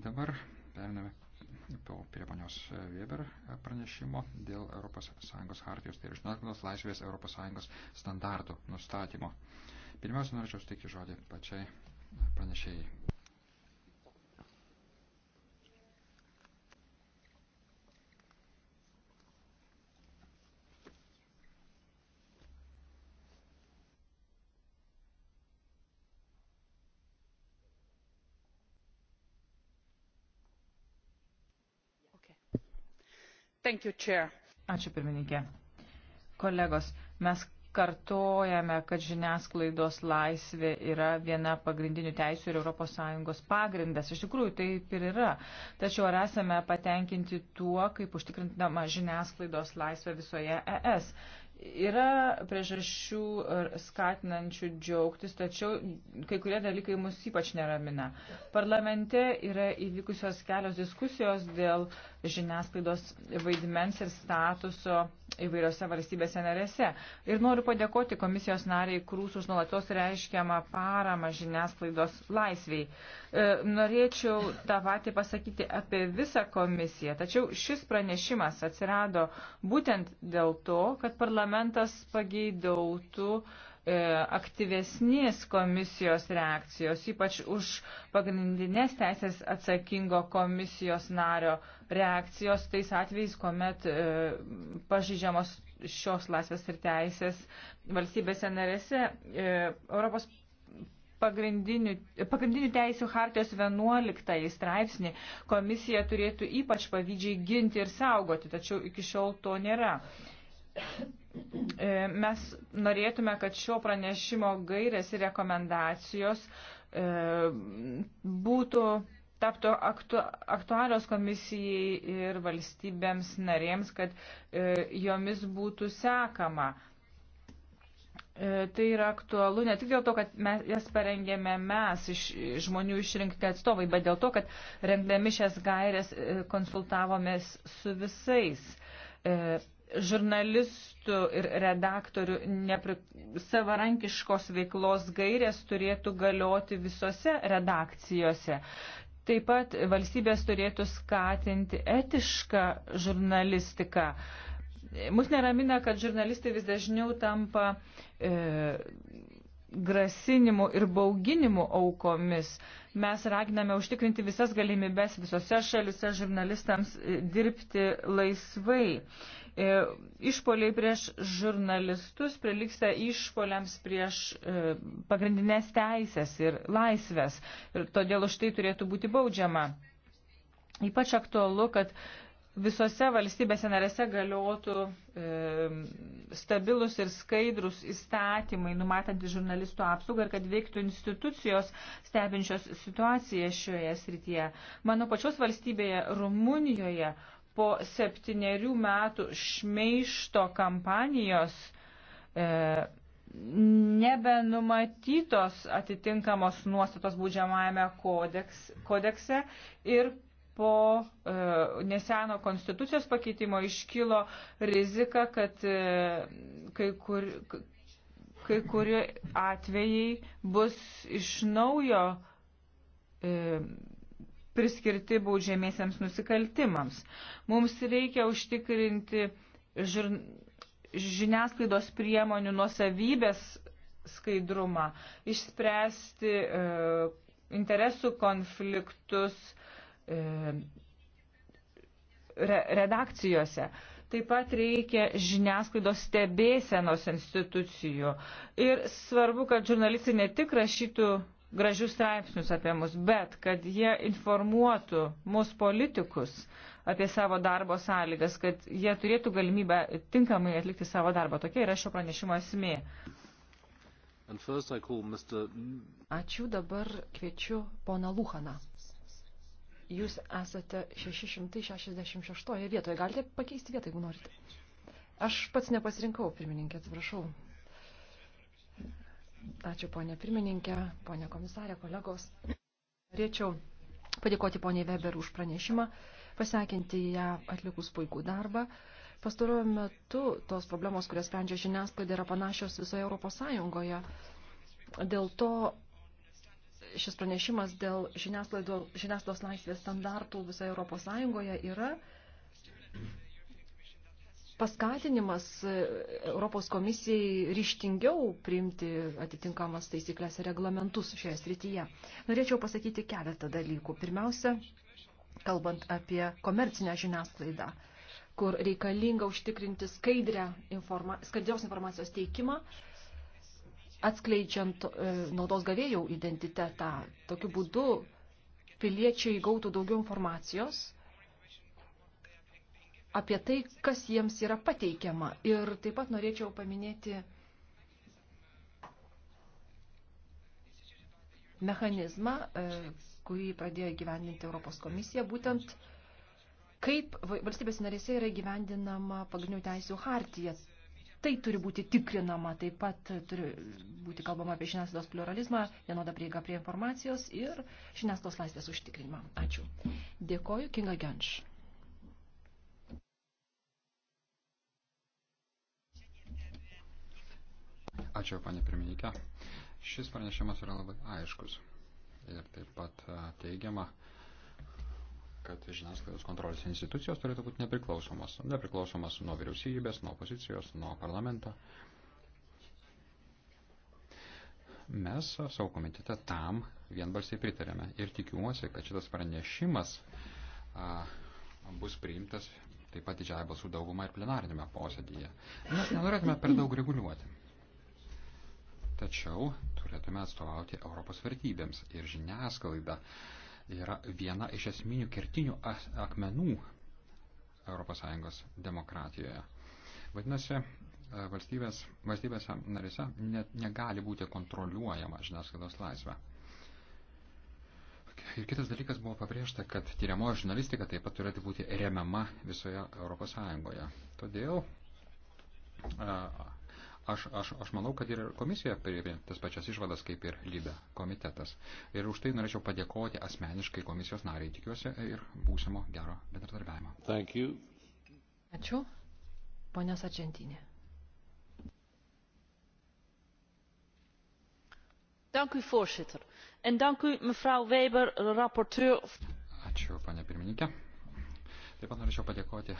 Dabar periname prie ponios Weber pranešimo dėl ES hartijos, tai yra žiniasklaidos laisvės ES standartų nustatymo. Pirmiausia, norėčiau suteikti žodį pačiai pranešėjai. You, Ačiū pirmininkė. Kolegos, mes kartojame, kad žiniasklaidos laisvė yra viena pagrindinių teisų ir ES pagrindas. Iš tikrųjų, taip ir yra. Tačiau ar esame patenkinti tuo, kaip užtikrintama žiniasklaidos laisvė visoje ES? Yra priežasčių skatinančių džiaugtis, tačiau kai kurie dalykai mus ypač neramina. Parlamente yra įvykusios kelios diskusijos dėl žiniasklaidos vaidmens ir statuso įvairiose valstybėse narėse. Ir noriu padėkoti komisijos nariai Krūs už nuolatos reiškiamą paramą žiniasklaidos laisviai. E, norėčiau tą patį pasakyti apie visą komisiją, tačiau šis pranešimas atsirado būtent dėl to, kad parlamentas pageidautų, E, aktyvesnės komisijos reakcijos, ypač už pagrindinės teisės atsakingo komisijos nario reakcijos tais atvejais, kuomet e, pažydžiamos šios laisvės ir teisės valstybėse narėse. E, Europos pagrindinių, pagrindinių teisių hartijos 11 straipsnį komisija turėtų ypač pavydžiai ginti ir saugoti, tačiau iki šiol to nėra. E, mes norėtume, kad šio pranešimo gairės ir rekomendacijos e, būtų taptų aktu, aktualios komisijai ir valstybėms narėms, kad e, jomis būtų sekama. Tai yra aktualu ne tik dėl to, kad mes, jas parengėme mes, iš, žmonių išrinkti atstovai, bet dėl to, kad rengdami šias gairias konsultavomės su visais žurnalistų ir redaktorių nepri... savarankiškos veiklos gairės turėtų galioti visose redakcijose. Taip pat valstybės turėtų skatinti etišką žurnalistiką. Mus neramina, kad žurnalistai vis dažniau tampa e, grasinimų ir bauginimų aukomis. Mes raginame užtikrinti visas galimybes visose šalise žurnalistams e, dirbti laisvai. E, išpoliai prieš žurnalistus priliksta išpoliams prieš e, pagrindinės teisės ir laisvės. Ir todėl už tai turėtų būti baudžiama. Ypač aktualu, kad visose valstybėse narėse galiotų e, stabilus ir skaidrus įstatymai, numatantys žurnalistų apsaugą ir kad veiktų institucijos stebinčios situaciją šioje srityje. Mano pačios valstybėje Rumunijoje po septyniarių metų šmeišto kampanijos e, nebenumatytos atitinkamos nuostatos būdžiamajame kodeks, kodekse ir po e, neseno konstitucijos pakeitimo iškilo rizika, kad e, kai, kur, kai kurie atvejai bus iš naujo e, priskirti baudžiamiesiams nusikaltimams. Mums reikia užtikrinti žir... žiniasklaidos priemonių nuosavybės skaidrumą, išspręsti e, interesų konfliktus e, re, redakcijose. Taip pat reikia žiniasklaidos stebėsenos institucijų. Ir svarbu, kad žurnalistai ne tik rašytų gražius straipsnius apie mus, bet kad jie informuotų mus politikus apie savo darbo sąlygas, kad jie turėtų galimybę tinkamai atlikti savo darbą. Tokia yra šio pranešimo esmė. Mr... Ačiū, dabar kviečiu poną Luhaną. Jūs esate 666 vietoje. Galite pakeisti vietą, jeigu norite. Aš pats nepasirinkau, pirmininkė, atsiprašau. Ačiū, ponė pirmininkė, ponė komisarė, kolegos. Norėčiau padėkoti poniai Weber už pranešimą, pasakinti ją atlikus puikų darbą. Pastaruoju metu tos problemos, kurias sprendžia žiniasklaida, yra panašios visoje Europos Sąjungoje. Dėl to šis pranešimas dėl žiniasklaidos laisvės standartų visoje Europos Sąjungoje yra paskatinimas e, Europos komisijai ryštingiau priimti atitinkamas taisyklės ir reglamentus šioje srityje. Norėčiau pasakyti keletą dalykų. Pirmiausia, kalbant apie komercinę žiniasklaidą, kur reikalinga užtikrinti skaidrę informa skaidrios informacijos teikimą, atskleidžiant e, naudos gavėjų identitetą. Tokiu būdu piliečiai gautų daugiau informacijos apie tai, kas jiems yra pateikiama. Ir taip pat norėčiau paminėti mechanizmą, e, kurį pradėjo gyvendinti Europos komisija, būtent kaip valstybės narėse yra gyvendinama pagrindinių teisių hartija. Tai turi būti tikrinama, taip pat turi būti kalbama apie žiniasklaidos pluralizmą, vienodą prieigą prie informacijos ir žiniasklaidos laisvės užtikrinimą. Ačiū. Dėkoju, Kinga Genš. Ačiū, panė pirmininkė. Šis pranešimas yra labai aiškus. Ir taip pat e, teigiama, kad žiniasklaidos kontrolės institucijos turėtų būti nepriklausomos. Nepriklausomos nuo vyriausybės, nuo opozicijos, nuo parlamento. Mes savo komitete tam vienbalsiai pritarėme ir tikiuosi, kad šitas pranešimas a, bus priimtas taip pat didžiąją balsų daugumą ir plenarinėme posėdėje. Mes nenorėtume per daug reguliuoti. Tačiau turėtume atstovauti Europos vertybėms ir žiniasklaida yra viena iš esminių kertinių akmenų ES demokratijoje. Vadinasi, e, valstybės, valstybėse narise net negali būti kontroliuojama žiniasklaidos laisvė. Ir kitas dalykas buvo pabrėžta, kad tyriamoji žurnalistika taip pat turėtų būti remiama visoje ES. Todėl e, Aš, aš, aš manau, kad ir komisija priėmė tas pačias išvadas kaip ir lyda komitetas. Ir už tai norėčiau padėkoti asmeniškai komisijos nariai, tikiuosi, ir būsimo gero bendradarbiavimo. Ačiū. Ponios Argentinė. Dank u, voorzitter. En dank u, mevrouw Weber, rapporteur. Ačiū, panė pirmininkė. Taip pat norėčiau padėkoti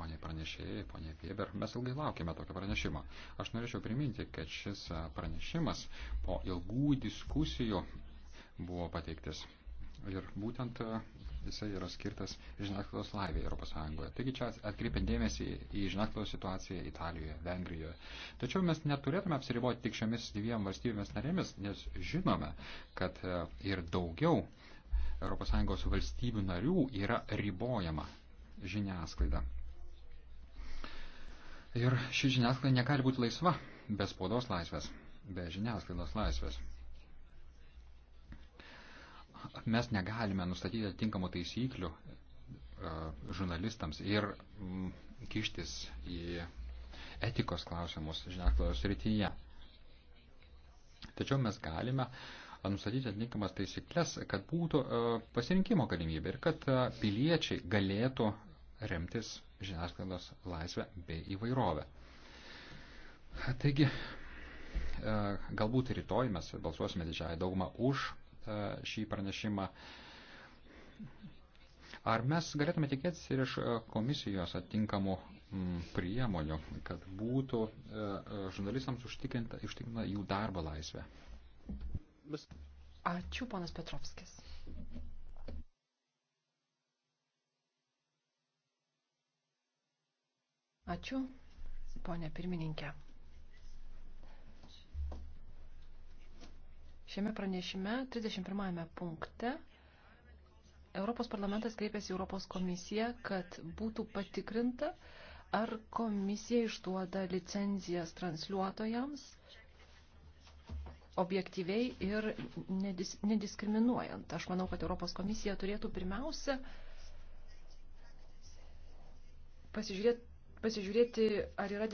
ponė pranešėjai, ponė Weber. Mes ilgai laukime tokio pranešimo. Aš norėčiau priminti, kad šis pranešimas po ilgų diskusijų buvo pateiktas. Ir būtent jisai yra skirtas žiniasklaidos laivė Europos Sąjungoje. Taigi čia atkreipiant dėmesį į žiniasklaidos situaciją Italijoje, Vengrijoje. Tačiau mes neturėtume apsiriboti tik šiomis dviem valstybėmis narėmis, nes žinome, kad ir daugiau ES valstybių narių yra ribojama žiniasklaida. Ir ši žiniasklaida negali būti laisva be spaudos laisvės, be žiniasklaidos laisvės. Mes negalime nustatyti atitinkamų taisyklių e, žurnalistams ir kištis į etikos klausimus žiniasklaidos rytyje. Tačiau mes galime nustatyti atitinkamas taisyklės, kad būtų e, pasirinkimo galimybė ir kad e, piliečiai galėtų remtis žiniasklaidos laisvę bei įvairovę. Taigi, e, galbūt rytoj mes balsuosime didžiąją daugumą už e, šį pranešimą. Ar mes galėtume tikėtis ir iš e, komisijos atinkamų priemonių, kad būtų žurnalistams užtikrinta, užtikrinta jų darbo laisvė? Ačiū, ponas Petrovskis. Ačiū, ponė pirmininkė. Šiame pranešime 31 punkte Europos parlamentas kreipėsi Europos komisiją, kad būtų patikrinta, ar komisija išduoda licenzijas transliuotojams objektyviai ir nedis, nediskriminuojant. Aš manau, kad Europos komisija turėtų pirmiausia pasižiūrėti, pasižiūrėti, ar yra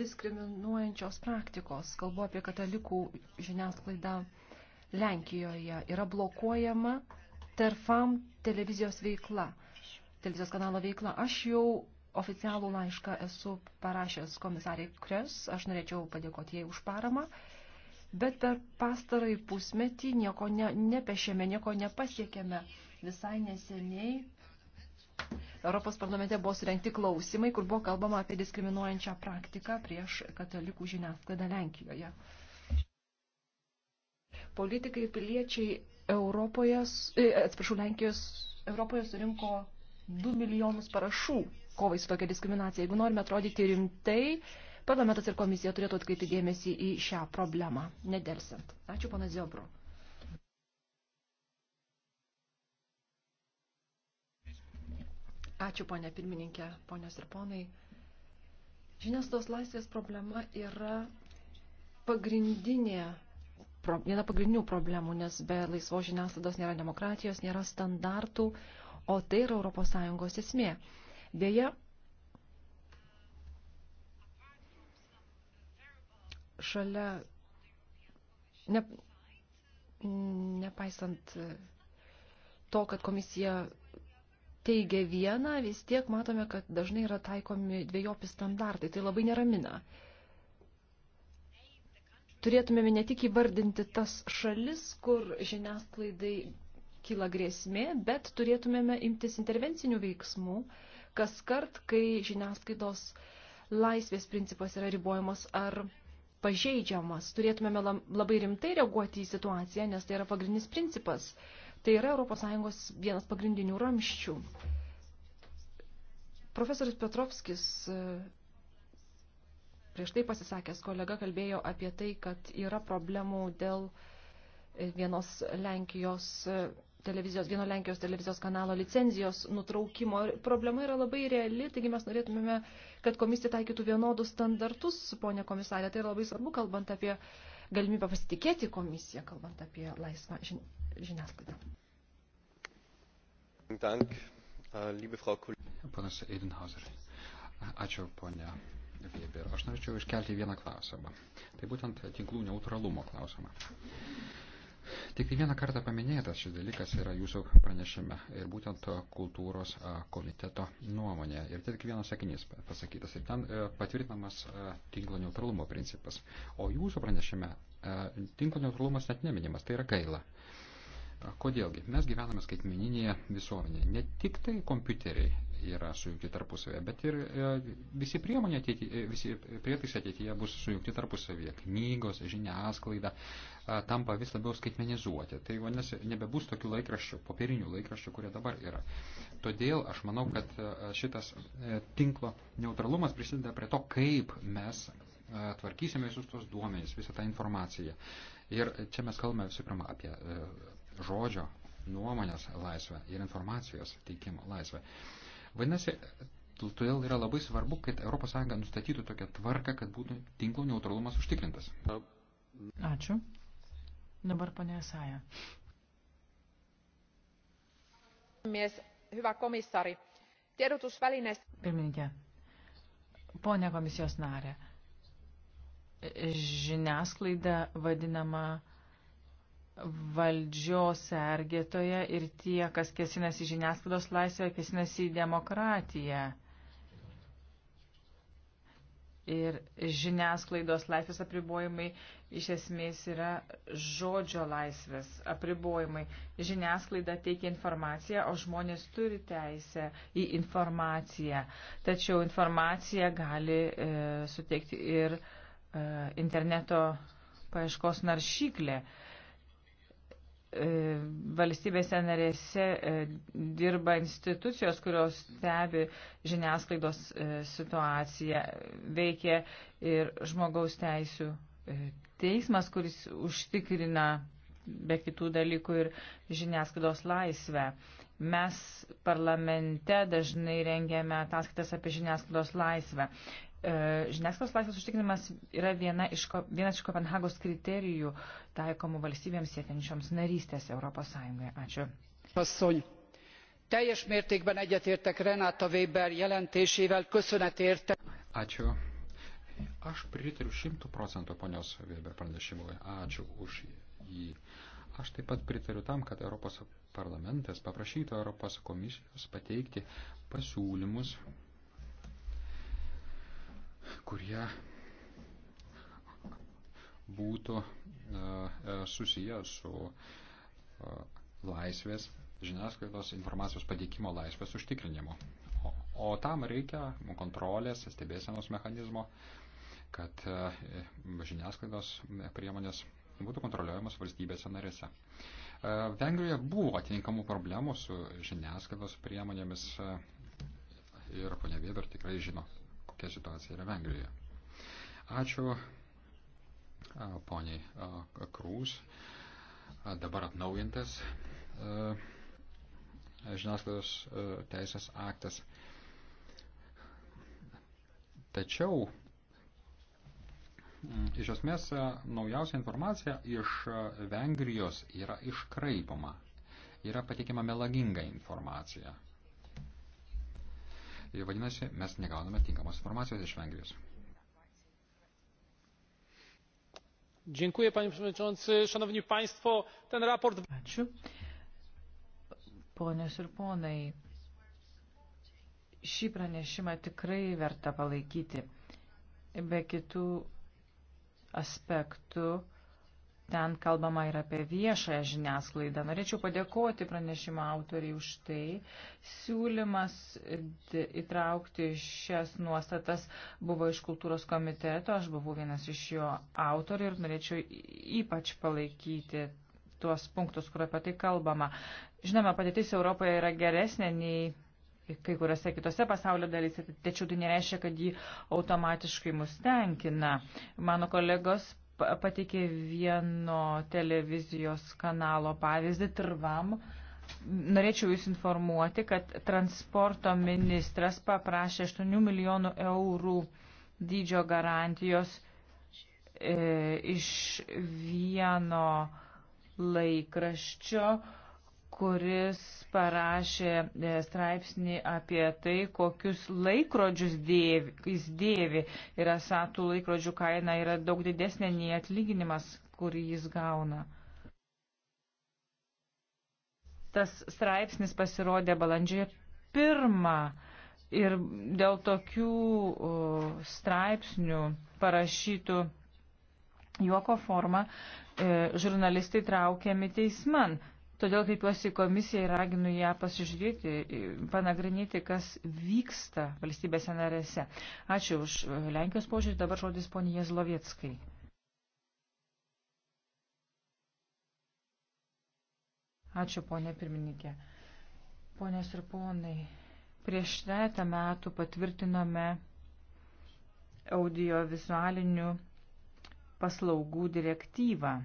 diskriminuojančios praktikos. Kalbu apie katalikų žiniasklaidą Lenkijoje. Yra blokuojama Terfam televizijos veikla, televizijos kanalo veikla. Aš jau oficialų laišką esu parašęs komisariai Kres, aš norėčiau padėkoti jai už paramą. Bet per pastarąjį pusmetį nieko ne, nepešėme, nieko nepasiekėme. Visai neseniai Europos parlamente buvo surengti klausimai, kur buvo kalbama apie diskriminuojančią praktiką prieš katalikų žiniasklaidą Lenkijoje. Politikai ir piliečiai Europoje, e, atsiprašau, Lenkijos Europoje surinko 2 milijonus parašų kovai su tokia diskriminacija. Jeigu norime atrodyti rimtai, parlamentas ir komisija turėtų atkreipti dėmesį į šią problemą, nedelsiant. Ačiū, pana Ziobro. Ačiū, ponė pirmininkė, ponios ir ponai. Žiniasklaidos laisvės problema yra pagrindinė, viena pagrindinių problemų, nes be laisvos žiniasklaidos nėra demokratijos, nėra standartų, o tai yra ES esmė. Deja, šalia, ne, nepaisant to, kad komisija teigia vieną, vis tiek matome, kad dažnai yra taikomi dviejopi standartai. Tai labai neramina. Turėtumėme ne tik įvardinti tas šalis, kur žiniasklaidai kyla grėsmė, bet turėtumėme imtis intervencinių veiksmų, kas kart, kai žiniasklaidos laisvės principas yra ribojamas ar pažeidžiamas. Turėtumėme labai rimtai reaguoti į situaciją, nes tai yra pagrindinis principas. Tai yra ES vienas pagrindinių ramščių. Profesorius Petrovskis, e, prieš tai pasisakęs kolega, kalbėjo apie tai, kad yra problemų dėl e, vienos Lenkijos e, televizijos, vieno Lenkijos televizijos kanalo licenzijos nutraukimo. Problema yra labai reali, taigi mes norėtumėme, kad komisija taikytų vienodus standartus, ponė komisarė. Tai yra labai svarbu, kalbant apie galimybę pasitikėti komisiją, kalbant apie laisvą žin žiniasklaidą. Dank, äh, liebe Frau Ponas Eidenhauser. Ačiū, ponė Weber. Aš norėčiau iškelti vieną klausimą. Tai būtent tinklų neutralumo klausimą. Tik tai vieną kartą paminėtas šis dalykas yra jūsų pranešime ir būtent kultūros komiteto nuomonė. Ir tik vienas sakinys pasakytas. Ir ten e, patvirtinamas tinklo neutralumo principas. O jūsų pranešime tinklo neutralumas net neminimas. Tai yra gaila. Kodėlgi? Mes gyvename skaitmeninėje visuomenėje. Ne tik tai kompiuteriai yra sujungti tarpusavėje, bet ir e, visi, ateityje, e, visi prietaisai ateityje bus sujungti tarpusavėje. Knygos, žiniasklaida e, tampa vis labiau skaitmenizuoti. Tai vadinasi, nebebus tokių laikraščių, popierinių laikraščių, kurie dabar yra. Todėl aš manau, kad šitas tinklo neutralumas prisideda prie to, kaip mes tvarkysime visus tos duomenys, visą tą informaciją. Ir čia mes kalbame visų pirma apie žodžio, nuomonės laisvę ir informacijos teikimo laisvę. Vadinasi, todėl yra labai svarbu, kad ES nustatytų tokią tvarką, kad būtų tinklų neutralumas užtikrintas. Ačiū. Dabar ponė Saja. Mies, hyvä komissari. Tiedotusvälineistä... Pirmininkė. Pone komisijos narė. Žiniasklaida vadinama valdžios sergėtoje ir tie, kas kėsinasi žiniasklaidos laisvę, kėsinasi į demokratiją. Ir žiniasklaidos laisvės apribojimai iš esmės yra žodžio laisvės apribojimai. Žiniasklaida teikia informaciją, o žmonės turi teisę į informaciją. Tačiau informaciją gali e, suteikti ir e, interneto paieškos naršyklė. E, E, valstybėse narėse e, dirba institucijos, kurios stebi žiniasklaidos e, situaciją, veikia ir žmogaus teisų teismas, kuris užtikrina be kitų dalykų ir žiniasklaidos laisvę. Mes parlamente dažnai rengiame ataskaitas apie žiniasklaidos laisvę. E, žiniasklaidos laisvės užtikrinimas yra viena iš, vienas iš Kopenhagos kriterijų taikomų valstybėms siekiančioms narystės Europos Sąjungoje. Ačiū. Pasun. Teljes mértékben egyetértek Renáta Weber jelentésével, köszönet érte. Ačiū. Aš pritariu šimtų procentų ponios Weber pranešimui. Ačiū už jį. Aš taip pat pritariu tam, kad Europos parlamentas paprašytų Europos komisijos pateikti pasiūlymus, kurie būtų e, e, susiję su e, laisvės, žiniasklaidos informacijos pateikimo laisvės užtikrinimu. O, o tam reikia kontrolės, stebėsenos mechanizmo, kad žiniasklaidos priemonės būtų kontroliuojamos valstybėse narėse. E, Vengrijoje buvo atitinkamų problemų su žiniasklaidos priemonėmis e, ir ponia Vėber tikrai žino, kokia situacija yra Vengrijoje. Ačiū e, poniai Krūs, dabar atnaujintas žiniasklaidos teisės aktas. Tačiau Mm, iš esmės, e, naujausia informacija iš e, Vengrijos yra iškraipoma. Yra patikima melaginga informacija. Ir vadinasi, mes negauname tinkamos informacijos iš Vengrijos. Dziękuję, panie przewodniczący. Szanowni państwo, ten raport... Ačiū. Ponios ir ponai, šį pranešimą tikrai verta palaikyti. Be kitų aspektų. Ten kalbama ir apie viešąją žiniasklaidą. Norėčiau padėkoti pranešimo autoriai už tai. Siūlymas įtraukti šias nuostatas buvo iš kultūros komiteto, aš buvau vienas iš jo autorių ir norėčiau ypač palaikyti tuos punktus, kur apie tai kalbama. Žinoma, padėtis Europoje yra geresnė nei kai kuriuose kitose pasaulio dalyse, tačiau tai nereiškia, kad jį automatiškai mus tenkina. Mano kolegos pateikė vieno televizijos kanalo pavyzdį Trvam. Norėčiau Jūs informuoti, kad transporto ministras paprašė 8 milijonų eurų dydžio garantijos e, iš vieno laikraščio, e, kuris parašė e, straipsnį apie tai, kokius laikrodžius dėvi, jis dėvi. Ir esą tų laikrodžių kaina yra daug didesnė nei atlyginimas, kurį jis gauna. Tas straipsnis pasirodė balandžio pirmą ir dėl tokių straipsnių parašytų juoko formą e, žurnalistai traukiami teisman. Todėl kreipiuosi į komisiją ir raginu ją pasižiūrėti, panagrinėti, kas vyksta valstybėse narėse. Ačiū už Lenkijos požiūrį, dabar žodis poniai Jezlovieckai. Ačiū, ponė pirmininkė. Ponės ir ponai, prieš tretą metų patvirtinome audiovizualinių paslaugų direktyvą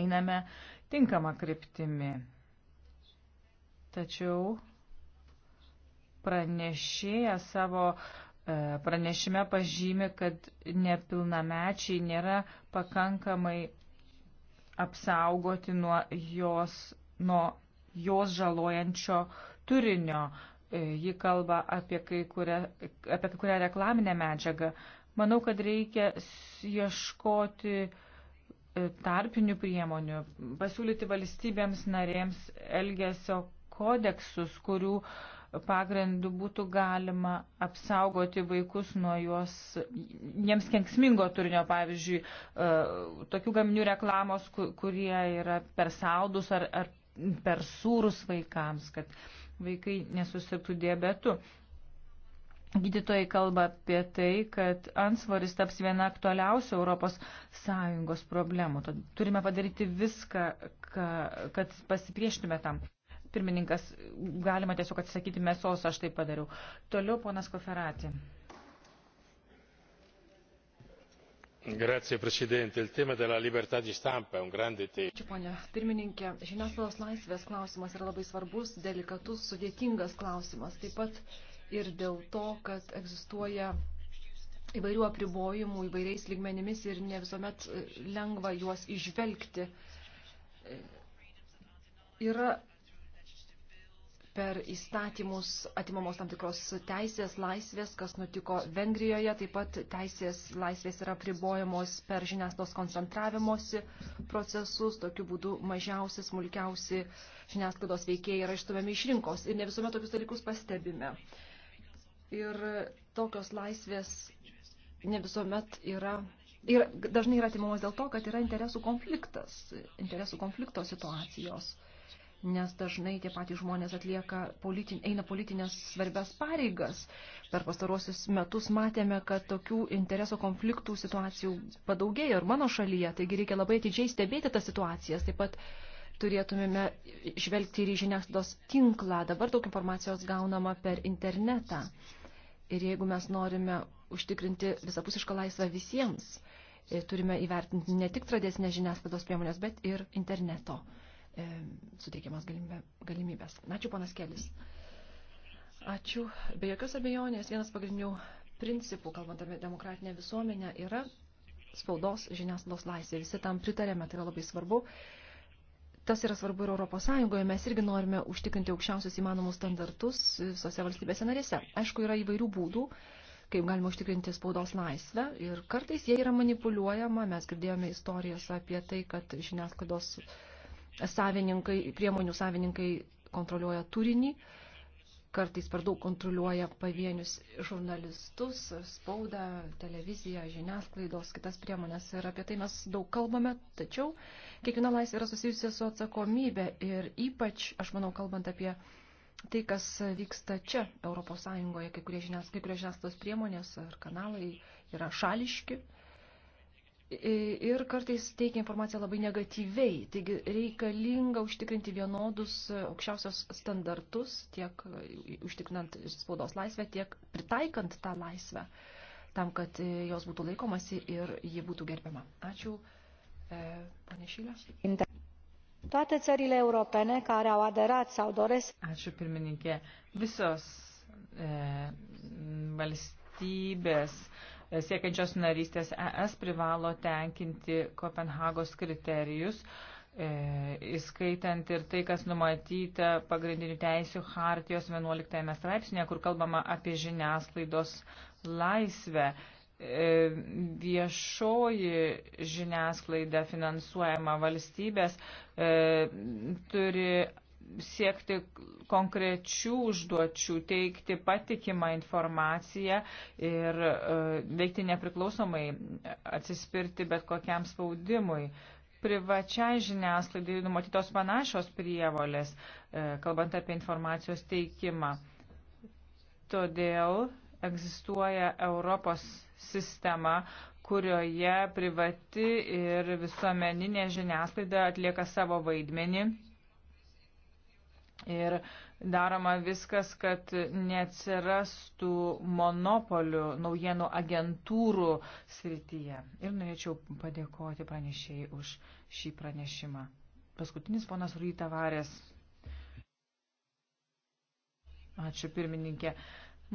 einame tinkamą kryptimį. Tačiau pranešėja savo e, pranešime pažymi, kad nepilnamečiai nėra pakankamai apsaugoti nuo jos, nuo jos žalojančio turinio. E, ji kalba apie kai, kurią, apie kai kurią reklaminę medžiagą. Manau, kad reikia ieškoti uh, tarpinių priemonių, pasiūlyti valstybėms narėms elgesio kodeksus, kurių pagrindų būtų galima apsaugoti vaikus nuo juos, jiems kenksmingo turinio, pavyzdžiui, e, tokių gaminių reklamos, kurie yra per saudus ar, ar per sūrus vaikams, kad vaikai nesusirgtų diabetu. Gydytojai kalba apie tai, kad ansvaris taps viena aktualiausių ES problemų. Tad turime padaryti viską, ka, kad pasipriešintume tam. Pirmininkas, galima tiesiog atsisakyti mėsos, aš tai padariau. Toliau ponas Koferati. Grazie, Presidente. Il tema della libertà di stampa è un grande tema. Ačiū, ponia pirmininkė. Žiniasklaidos laisvės klausimas yra labai svarbus, delikatus, sudėtingas klausimas. Taip pat ir dėl to, kad egzistuoja įvairių apribojimų įvairiais lygmenimis ir ne visuomet e, lengva juos išvelgti. E, yra per įstatymus atimamos tam tikros teisės, laisvės, kas nutiko Vengrijoje, taip pat teisės, laisvės yra pribojamos per žiniasklaidos koncentravimosi procesus, tokiu būdu mažiausi, smulkiausi žiniasklaidos veikėjai yra išstumiami iš rinkos ir ne visuomet tokius dalykus pastebime. Uh, ir tokios laisvės ne visuomet yra ir dažnai yra atimamos dėl to, kad yra interesų konfliktas, interesų konflikto situacijos, nes dažnai tie patys žmonės atlieka politin, eina politinės svarbias pareigas. Per pastarosius metus matėme, kad tokių interesų konfliktų situacijų padaugėjo ir mano šalyje, taigi reikia labai atidžiai stebėti tas situacijas, taip pat turėtumėme žvelgti ir į žiniasklaidos tinklą. Dabar daug informacijos gaunama per internetą. Ir jeigu mes norime užtikrinti visapusišką laisvę visiems, e, turime įvertinti ne tik tradicinės žiniasklaidos priemonės, bet ir interneto e, suteikiamas galimybė, galimybės. Ačiū, panas Kelis. Ačiū. Be jokios abejonės, vienas pagrindinių principų, kalbant apie demokratinę visuomenę, yra spaudos žiniasklaidos laisvė. Visi tam pritarėme, tai yra labai svarbu. E, tas yra svarbu ir Europos Sąjungoje. Mes irgi norime užtikrinti aukščiausius įmanomus standartus visose valstybėse narėse. Aišku, yra įvairių būdų, kaip galima užtikrinti spaudos laisvę ir kartais jie yra manipuliuojama. Mes girdėjome istorijas apie tai, kad žiniasklaidos savininkai, priemonių savininkai kontroliuoja turinį. Uh, kartais per daug kontroliuoja pavienius žurnalistus, spaudą, televiziją, žiniasklaidos, kitas priemonės. Ir apie tai mes daug kalbame, tačiau kiekviena laisvė yra susijusi su atsakomybė. Ir ypač, aš manau, kalbant apie tai, kas vyksta čia, Europos Sąjungoje, kai kurie žiniasklaidos priemonės ar kanalai yra šališki ir kartais teikia informaciją labai negatyviai. Taigi reikalinga užtikrinti vienodus e, aukščiausios standartus, tiek e, užtikrinant spaudos laisvę, tiek pritaikant tą laisvę, tam, kad e, jos būtų laikomasi ir ji būtų gerbiama. Ačiū, panešylė. Toate țările europene care au aderat sau doresc. Ačiū pirmininkė. Visos e, valstybės e, siekiančios narystės ES privalo tenkinti Kopenhagos kriterijus, e, įskaitant ir tai, kas numatyta pagrindinių teisių hartijos 11 straipsnėje, kur kalbama apie žiniasklaidos laisvę e, viešoji žiniasklaida finansuojama valstybės e, turi siekti konkrečių užduočių, teikti patikimą informaciją ir e, veikti nepriklausomai, atsispirti bet kokiam spaudimui. Privačiai žiniasklaidai numatytos panašios prievolės, e, kalbant apie informacijos teikimą. Todėl egzistuoja Europos sistema, kurioje privati ir visuomeninė žiniasklaida atlieka savo vaidmenį Ir daroma viskas, kad neatsirastų monopolių naujienų agentūrų srityje. Ir norėčiau padėkoti pranešėjai už šį pranešimą. Paskutinis ponas Rūita Varės. Ačiū pirmininkė.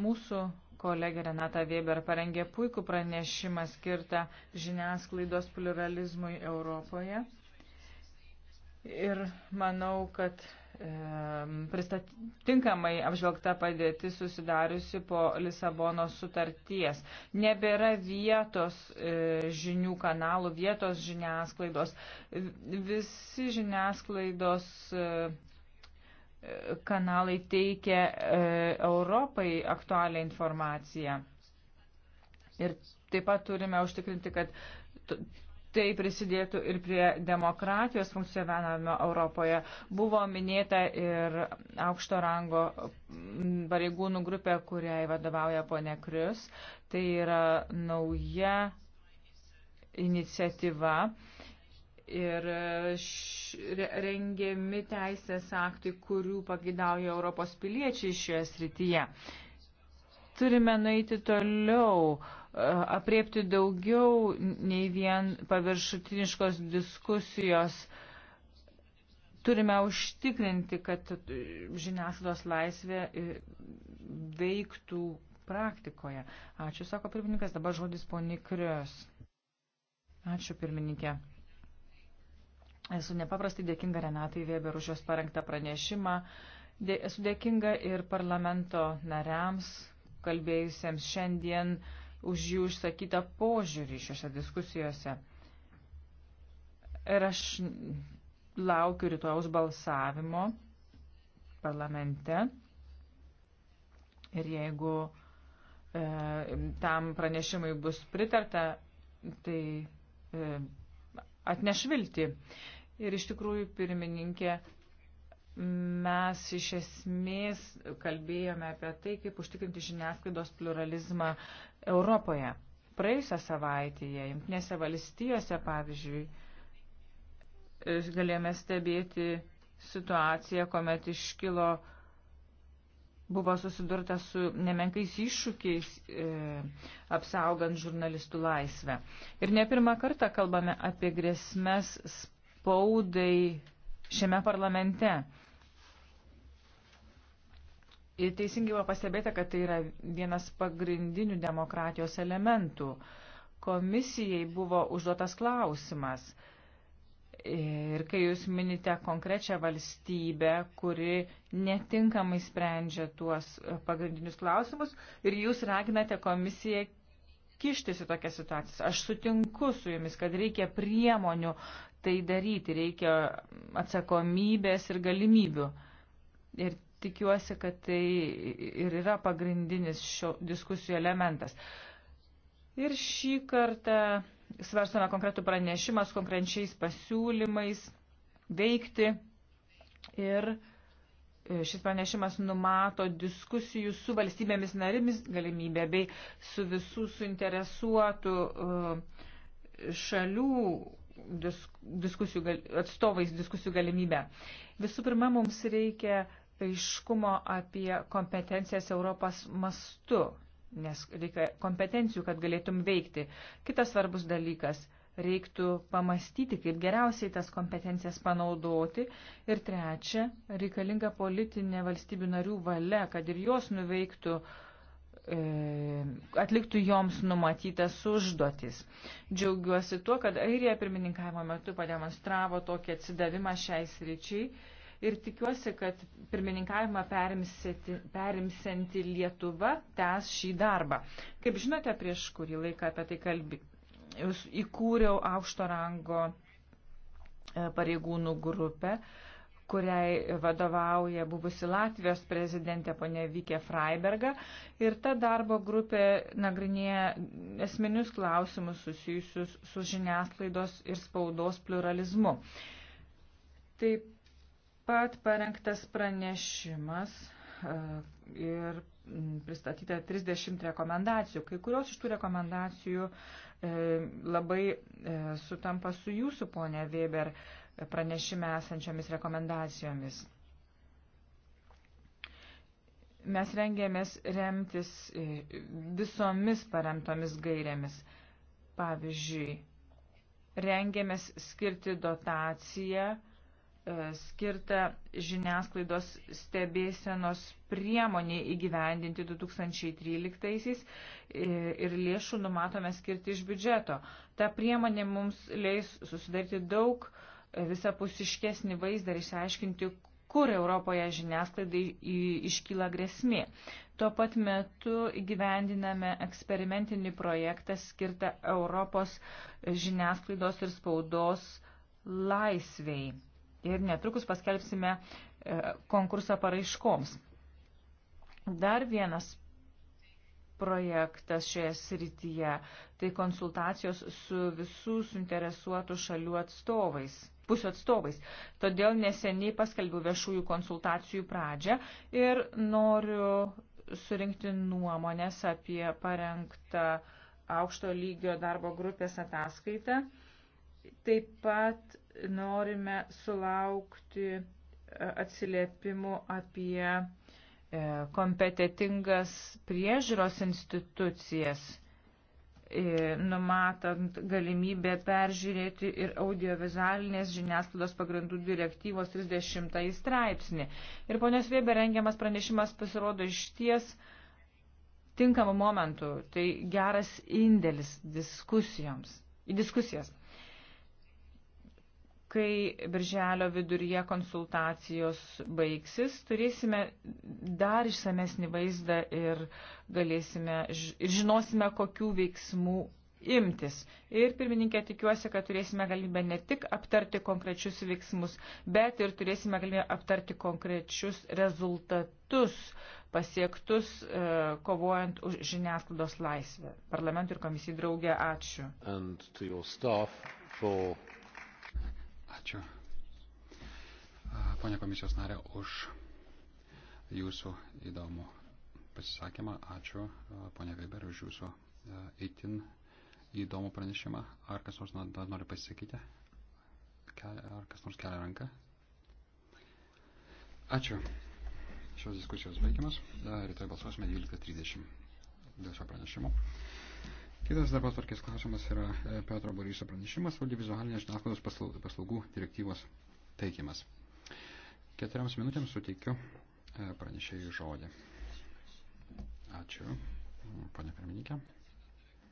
Mūsų kolegė Renata Weber parengė puikų pranešimą skirtą žiniasklaidos pluralizmui Europoje. Ir manau, kad pristat, tinkamai apžvelgta padėti susidariusi po Lisabono sutarties. Nebėra vietos e, žinių kanalų, vietos žiniasklaidos. Visi žiniasklaidos e, e kanalai teikia e, Europai aktualią informaciją. Ir taip pat turime užtikrinti, kad tai prisidėtų ir prie demokratijos funkcionavimo Europoje. Buvo minėta ir aukšto rango pareigūnų grupė, kuriai vadovauja ponė Krius. Tai yra nauja iniciatyva. Ir e, rengiami teisės aktai, kurių pagidauja Europos piliečiai šioje srityje. Turime naiti toliau. Uh, apriepti daugiau nei vien paviršutiniškos diskusijos. Turime užtikrinti, kad žiniasklaidos laisvė e, veiktų praktikoje. Ačiū, sako pirmininkas, dabar žodis ponikrios. Ačiū, pirmininkė. Esu nepaprastai dėkinga Renatai Weber už jos parengtą pranešimą. Dė, esu dėkinga ir parlamento nariams, kalbėjusiems šiandien uh, už jų išsakytą požiūrį šiuose diskusijose. Ir aš laukiu rytojaus balsavimo parlamente. Ir jeigu e, tam pranešimui bus pritarta, tai e, atnešvilti. Ir iš tikrųjų pirmininkė mes iš esmės kalbėjome apie tai, kaip užtikrinti žiniasklaidos pluralizmą Europoje. Praėjusią savaitėje, jungtinėse valstijose, pavyzdžiui, e, galėjome stebėti situaciją, kuomet iškilo, buvo susidurta su nemenkais iššūkiais e, apsaugant žurnalistų laisvę. Ir ne pirmą kartą kalbame apie grėsmes spaudai šiame parlamente. Ir teisingai buvo pastebėta, kad tai yra vienas pagrindinių demokratijos elementų. Komisijai buvo užduotas klausimas. Ir kai jūs minite konkrečią valstybę, kuri netinkamai sprendžia tuos pagrindinius klausimus ir jūs raginate komisiją kištis į tokias situacijas. Aš sutinku su jumis, kad reikia priemonių tai daryti, reikia atsakomybės ir galimybių. Ir tikiuosi, kad tai ir yra pagrindinis šio diskusijų elementas. Ir šį kartą svarstame konkretų pranešimą su konkrečiais pasiūlymais veikti. Ir e, šis pranešimas numato diskusijų su valstybėmis narimis galimybę bei su visų suinteresuotų e, šalių diskusijų, atstovais diskusijų galimybę. Visų pirma, mums reikia aiškumo apie kompetencijas Europos mastu, nes reikia kompetencijų, kad galėtum veikti. Kitas svarbus dalykas - reiktų pamastyti, kaip geriausiai tas kompetencijas panaudoti. Ir trečia - reikalinga politinė valstybių narių valia, kad ir jos nuveiktų e, atliktų joms numatytas užduotis. Džiaugiuosi tuo, kad Airija pirmininkavimo metu pademonstravo tokį atsidavimą šiais ryčiai ir tikiuosi, kad pirmininkavimą perimsianti Lietuva tęs šį darbą. Kaip žinote, prieš kurį laiką apie tai kalbį, įkūriau aukšto rango e, pareigūnų grupę, kuriai vadovauja buvusi Latvijos prezidentė ponė Vikė Freiberga. Ir ta darbo grupė nagrinėja esminius klausimus susijusius su žiniasklaidos ir spaudos pluralizmu. Taip pat parengtas pranešimas e, ir pristatyta 30 rekomendacijų. Kai kurios iš tų rekomendacijų e, labai e, sutampa su jūsų, ponė Weber, pranešime esančiomis rekomendacijomis. Mes rengėmės remtis visomis paremtomis gairėmis. Pavyzdžiui, rengėmės skirti dotaciją E, skirtą žiniasklaidos stebėsenos priemonį įgyvendinti 2013 e, ir lėšų numatome skirti iš biudžeto. Ta priemonė mums leis susidaryti daug e, visapusiškesnį vaizdą ir išsiaiškinti, kur Europoje žiniasklaidai iškyla grėsmė. Tuo pat metu įgyvendiname eksperimentinį projektą skirtą Europos žiniasklaidos ir spaudos laisvėjai ir netrukus paskelbsime e, konkursą paraiškoms. Dar vienas projektas šioje srityje - tai konsultacijos su visų suinteresuotų šalių atstovais, pusių atstovais. Todėl neseniai paskelbiu viešųjų konsultacijų pradžią ir noriu surinkti nuomonės apie parengtą aukšto lygio darbo grupės ataskaitą. Taip pat norime sulaukti e, atsiliepimų apie e, kompetitingas priežiūros institucijas, e, numatant galimybę peržiūrėti ir audiovizualinės žiniasklaidos pagrindų direktyvos 30 straipsnį. Ir ponios Vėbė rengiamas pranešimas pasirodo iš ties tinkamų momentų. Tai geras indėlis diskusijoms, į diskusijas kai birželio viduryje konsultacijos baigsis, turėsime dar išsamesnį vaizdą ir galėsime ir žinosime, kokių veiksmų imtis. Ir pirmininkė tikiuosi, kad turėsime galimybę ne tik aptarti konkrečius veiksmus, bet ir turėsime galimybę aptarti konkrečius rezultatus pasiektus e, kovojant už žiniasklaidos laisvę. Parlamentui ir komisijai draugė, ačiū. Ačiū. Pone komisijos narė, už jūsų įdomų pasisakymą. Ačiū, ponė Weber, už jūsų eitin įdomų pranešimą. Ar kas nors dar nori pasisakyti? Ar kas nors kelia ranką? Ačiū. Šios diskusijos baigiamas. Rytoj balsuosime 12.30 dėl šio pranešimo. Kitas darbo tvarkės klausimas yra e, Petro Boryso pranešimas audiovizualinės žiniasklaidos paslaugų direktyvos teikimas. Keturiams minutėms suteikiu e, pranešėjų žodį. Ačiū, ponia pirmininkė.